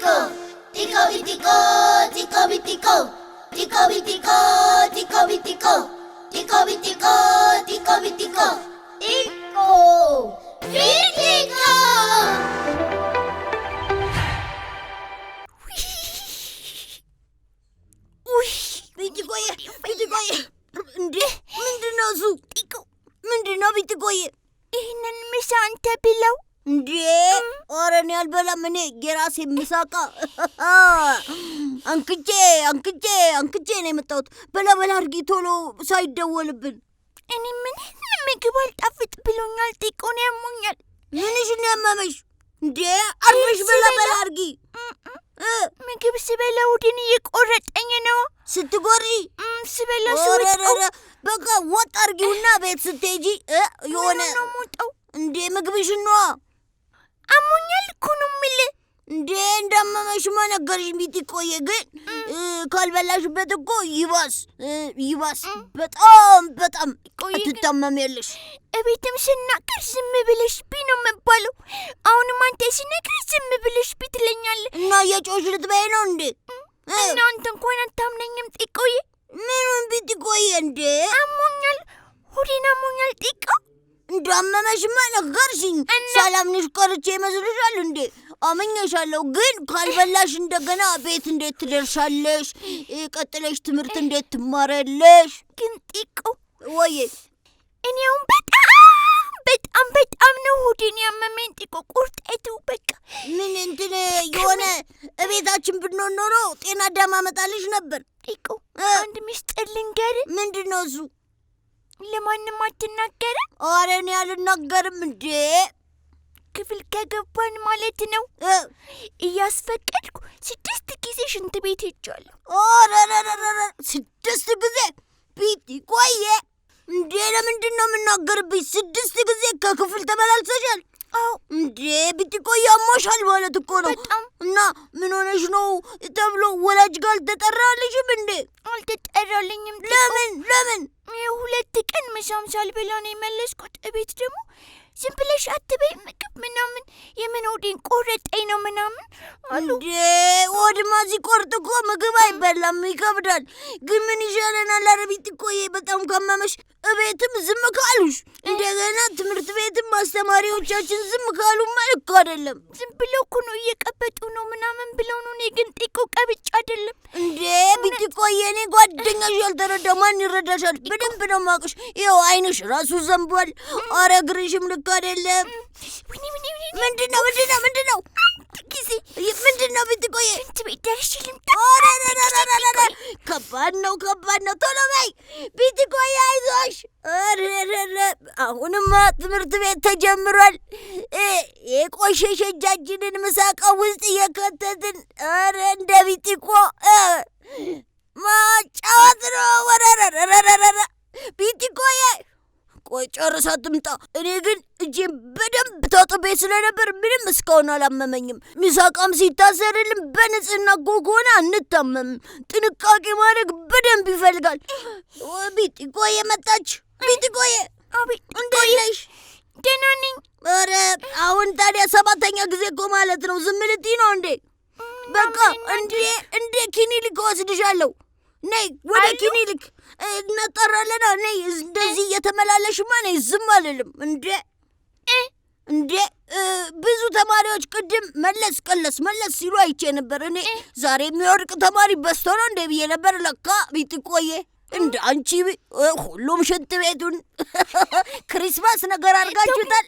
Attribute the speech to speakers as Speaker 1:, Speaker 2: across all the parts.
Speaker 1: tico, tico vitico, tico vitico, tico vitico, tico vitico, tico vitico, tico vitico, tico vitico.
Speaker 2: Vitikoye, vitikoye. Mendre, mendre nazu. Tiko, mendre na vitikoye. Ihnen misante pilaw. እንዴ ኧረ እኔ አልበላም። እኔ የራሴ ምሳቃ አንክቼ አንክቼ አንክቼ ነው የመጣሁት። በላ በላ አድርጊ ቶሎ ሳይደወልብን። እኔ ምን ምግብ አልጣፍጥ ብሎኛል። ጢቆን ያሞኛል። ምንሽ ነው ያመመሽ? እንዴ አርፈሽ በላ በላ አድርጊ። ምግብ ስበላ ውድን እየቆረጠኝ ነው። ስትጎሪ ስበላ በቃ ወጥ ቤት ስትሄጂ የሆነ ነው እንዴ ምግብሽ ነዋ አሞኛል እኮ ነው የምልህ። እንዴ እንዳመመሽ መነገርሽ ቢት ቆየ፣ ግን ካልበላሽበት እኮ ይባስ ይባስ በጣም በጣም ትታመሚያለሽ። እቤትም ስናገር ዝም ብለሽ ቢ ነው የምባለው። አሁንም አንተ ስነግርሽ ዝም ብለሽ ቢ ትለኛለህ እና የጮሽ ልትበይ ነው እንዴ? እናንተ እንኳን አታምነኝም። ጢቆዬ ምኑን ቢት እንዴ? አሞኛል፣ ሆዴን አሞኛል ጢቆ እንዳመመሽማ ነገርሽኝ። ሰላምንሽ ቀርቼ ይመስልሻል እንዴ? አመኘሻለሁ። ግን ካልበላሽ እንደገና ቤት እንዴት ትደርሻለሽ? ቀጥለሽ ትምህርት እንዴት ትማሪያለሽ? ግን ጢቆ ወይ እኔውም በጣም በጣም በጣም ነው ሆዴን ያመመኝ ጢቆ። ቁርጠቱ በቃ ምን እንትን የሆነ እቤታችን ብንሆን ኖሮ ጤና አዳም አመጣልሽ ነበር ጢቆ። አንድ ሚስጥር ልንገር። ምንድን ነው እሱ? ለማንም አትናገርም? ኧረ እኔ አልናገርም እንዴ። ክፍል ከገባን ማለት ነው። እያስፈቀድኩ ስድስት ጊዜ ሽንት ቤት ሄጃለሁ። ኧረ ስድስት ጊዜ ቢት ቆየ እንዴ? ለምንድን ነው የምናገርብኝ? ስድስት ጊዜ ከክፍል ተመላልሰሻል? አዎ እንዴ ቢት ቆየ ይጠራሻል ማለት እኮ ነው። በጣም እና ምን ሆነሽ ነው ተብሎ ወላጅ ጋር አልተጠራልሽም እንዴ? አልተጠራልኝም። ለምን ለምን? ሁለት ቀን ምሳም ሳልበላ ነው የመለስኩት። እቤት ደግሞ ዝም ብለሽ አትበይ ምግብ ምናምን የምን ሆዴን ቆረጠኝ ነው ምናምን አሉ። እንዴ ሆድማ ሲቆርጥ እኮ ምግብ አይበላም፣ ይከብዳል። ግን ምን ይሻለናል? አረቢት እኮ ይሄ በጣም ከመመሽ እቤትም ዝም ካሉሽ እንደገና ትምህርት ቤትም አስተማሪዎቻችን ዝም ካሉማ ልክ አይደለም። ዝም ብለው እኮ ነው እየቀበጡ ነው ምናምን ብለው ነው። እኔ ግን ጢቆ ቀብጭ አይደለም እንዴ ቢጢቆ፣ የእኔ ጓደኛሽ ያልተረዳ ማን ይረዳሻል? በደንብ ነው ማቅሽ። ይኸው አይንሽ ራሱ ዘንቧል። አረ እግርሽም ልክ አይደለም። ምንድን ነው ምንድን ነው ምንድን ነው ጊዜ ምንድን ነው ቢጢቆ? ቤት ደርሼ ከባድ ነው፣ ከባድ ነው። ቶሎ በይ ቢትቆይ፣ አይዞሽ። አሁንማ ትምህርት ቤት ተጀምሯል። የቆሸሸ እጃችንን ምሳቃ ውስጥ እየከተትን ኧረ እንደ ቢጢቆ ማጫወት ነው። ወረረረረረረ ቢትቆይ ቆይ ጨርሳ ትምጣ። እኔ ግን እጄን በደንብ ታጥቤ ስለነበር ምንም እስካሁን አላመመኝም። ሚሳቃም ሲታሰርልም በንጽህና ጎጎና አንታመምም። ጥንቃቄ ማድረግ በደንብ ይፈልጋል። ቢጢ ቆየ መጣች። ቢጢ ቆየ እንዴት ነሽ? ደህና ነኝ። ኧረ አሁን ታዲያ ሰባተኛ ጊዜ እኮ ማለት ነው። ዝም ልትይ ነው እንዴ? በቃ እንዴ እንዴ ኪኒሊክ ወስድሻለሁ ነይ ወደ ክሊኒክ እነጠራለና ነይ። እንደዚህ እየተመላለሽማ ነይ፣ ዝም አልልም። እንዴ እንዴ ብዙ ተማሪዎች ቅድም መለስ ቀለስ መለስ ሲሉ አይቼ ነበር። እኔ ዛሬ የሚወድቅ ተማሪ በስቶ ነው እንደ ብዬ ነበር። ለካ ቢጥቆየ እንደ አንቺ ሁሉም ሽንት ቤቱን ክሪስማስ ነገር አድርጋችሁታል።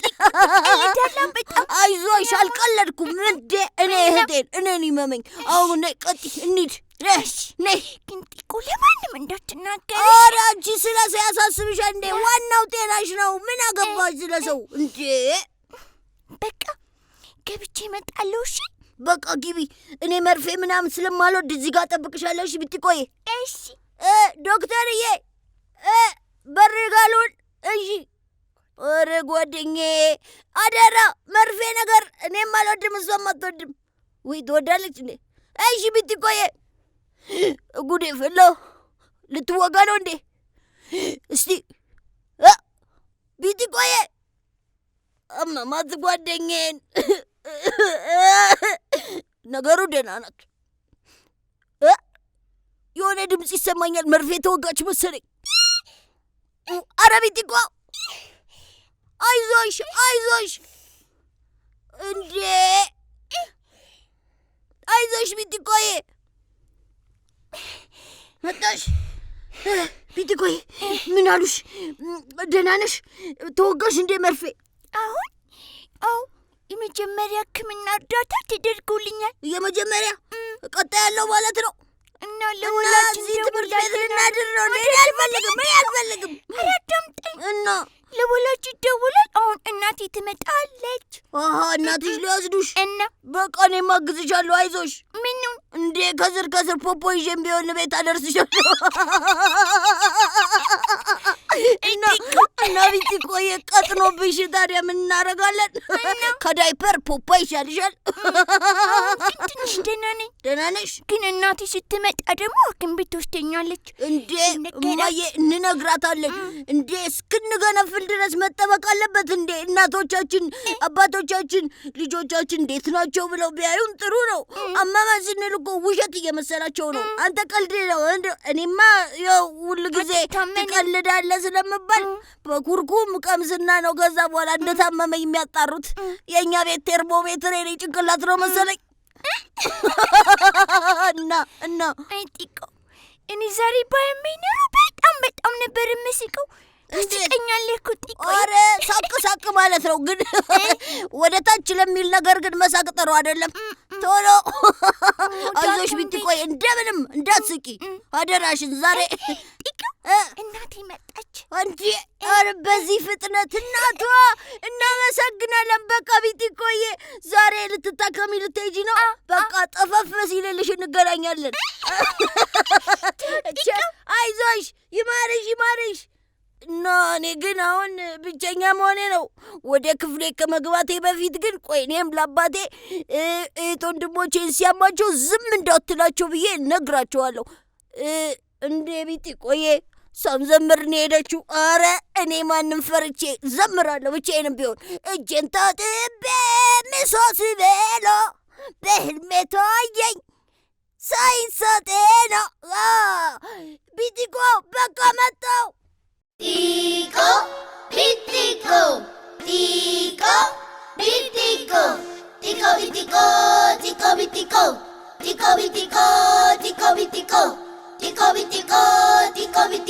Speaker 2: አይዞሽ፣ አልቀለድኩም። እንዴ እኔ እህቴን እኔን ይመመኝ። አሁን ቀጥ ቀጥይ፣ እንሂድ እሺ ነይ። ግን ጢቆ ለማንም እንዳትናገር። ኧረ አንቺ ስለ ሰው ያሳስብሻል እንዴ? ዋናው ጤናሽ ነው። ምን አገባሽ ስለ ሰው እንዴ? በቃ ገብቼ እመጣለሁ። እሺ በቃ ግቢ። እኔ መርፌ ምናምን ስለማልወድ እዚህ ጋር ጠብቅሻለሁ። እሺ ብትቆይ። እሺ ዶክተርዬ በር ጋሉን። እሺ ኧረ ጓደኛዬ አደራ መርፌ ነገር እኔም አልወድም፣ እሷም አትወድም። ወይ ትወዳለች እንዴ? እሺ ብትቆየ ጉዴ ፈላ። ልትወጋ ነው እንዴ? እስቲ ቢቲ፣ ቆየ አመማት ጓደኛዬን። ነገሩ ደህና ናት። የሆነ ድምፅ ይሰማኛል። መርፌ ተወጋች መሰለኝ። አረ ቢቲ ቆ አይዞሽ፣ አይዞሽ እንዴ፣ አይዞሽ ቢቲ ቆየ መጣሽ? ቢትቆይ ምን አሉሽ? ደህና ነሽ? ተወጋሽ እንዴ መርፌ? አሁን አው የመጀመሪያ ሕክምና እርዳታ ተደርጎልኛል። የመጀመሪያ ቀጣ ያለው ማለት ነው። እና ለወላጅ ትምህርት ቤት ልናድር ነው። እኔ አልፈልግም፣ እኔ አልፈልግም እና ለወላጅ ይደውላል። አሁን እናቴ ትመጣለች። አሀ እናትሽ ሊያዝዱሽ እና በቃ እኔ ማግዝሻለሁ። አይዞሽ። ምኑን እንዴ? ከስር ከስር ፖፖ ይዤም ቢሆን ቤት አደርስሻለሁ። እና ቢቲ ቆየ ቀጥኖ ብሽ ታዲያ ምን እናደርጋለን? ከዳይፐር ፖፓ ይሻልሻል። ትንሽ ደህና ነኝ። ደህና ነሽ? ግን እናቴ ስትመጣ ደግሞ ሐኪም ቤት ትወስደኛለች። እንዴ እማዬ እንነግራታለን። እንዴ እስክንገነፍል ድረስ መጠበቅ አለበት። እንዴ እናቶቻችን፣ አባቶቻችን ልጆቻችን እንዴት ናቸው ብለው ቢያዩን ጥሩ ነው። አመመ ስንል እኮ ውሸት እየመሰላቸው ነው። አንተ ቀልድ ነው። እኔማ ያው ሁል ጊዜ ትቀልዳለህ ስለምባል በኩርኩም ቀምስና ነው። ከዛ በኋላ እንደታመመ የሚያጣሩት የእኛ ቤት ቴርሞሜትር የኔ ጭንቅላት ነው መሰለኝ። እና እና አይ ጢቆ እኔ ዛሬ ባያመኝ በጣም በጣም ነበር የምስቀው። ታስቀኛለህ እኮ ጢቆ። ኧረ ሳቅ ሳቅ ማለት ነው፣ ግን ወደ ታች ለሚል ነገር ግን መሳቅ ጥሩ አይደለም። ቶሎ አይዞሽ ቢጢቆይ፣ እንደምንም እንዳትስቂ አደራሽን ዛሬ እናቴ መጣች። አንቺ አረ በዚህ ፍጥነት እናቷ! እናመሰግናለን። በቃ ቢቲ ቆየ፣ ዛሬ ልትታከሚ ልትሄጂ ነው? በቃ ጠፈፍ ሲልልሽ እንገናኛለን። አይዞሽ፣ ይማርሽ፣ ይማርሽ። እና እኔ ግን አሁን ብቸኛ መሆኔ ነው። ወደ ክፍሌ ከመግባቴ በፊት ግን ቆይ እኔም ለአባቴ እህት ወንድሞቼን ሲያማቸው ዝም እንዳትላቸው ብዬ ነግራቸዋለሁ። እንዴ ቢጢ ቆዬ ಸಂಸಂಬರ್ ನೀರ ಚುಆರ ಅನೇಮಾನ ಫರ್ಚೆ ಜಮ್ಮರಲ್ಲ ವಿಚೇನ ಬಿಯೋನ್ ಜಂತಾದೆ ಬೇ ಮಿಸೋಸಿ ವೇಲೋ ಬೆಹ್ಮೆತೋಯೈ ಸೈನ್ಸದೇನೋ ಬಿದಿಗೋ ಬಕಮತೋ
Speaker 1: Tico, pitico, tico, Bitiko tico, pitico, tico, bitiko tico, bitiko tico, bitiko tico, bitiko tico, bitiko